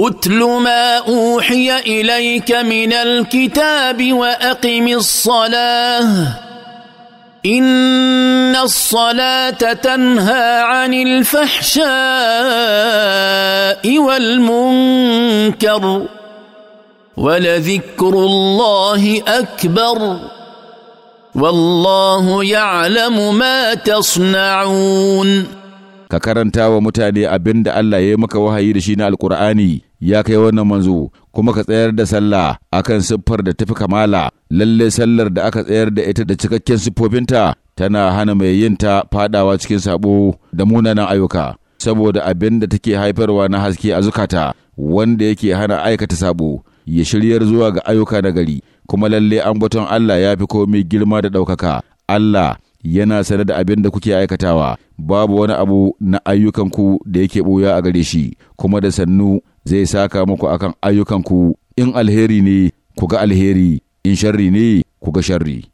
اتل ما اوحي اليك من الكتاب واقم الصلاه ان الصلاه تنهى عن الفحشاء والمنكر ولذكر الله اكبر والله يعلم ما تصنعون ka karanta wa mutane abin da Allah ya maka wahayi da shi na Alƙur'ani ya kai wannan manzo kuma ka tsayar da sallah akan siffar da tafi kamala lalle sallar da aka tsayar da ita da cikakken siffofinta tana hana mai yin ta fadawa cikin sabo da munanan ayyuka saboda abin da take haifarwa na haske a zukata wanda yake hana aikata sabo ya shiryar zuwa ga ayyuka na gari kuma lalle ambaton Allah ya fi komai girma da ɗaukaka Allah yana sanar da abin da kuke aikatawa babu wani abu na ayyukan ku da yake buya a gare shi kuma da sannu zai saka muku akan ayyukanku in alheri ne ku ga alheri in sharri ne ku ga sharri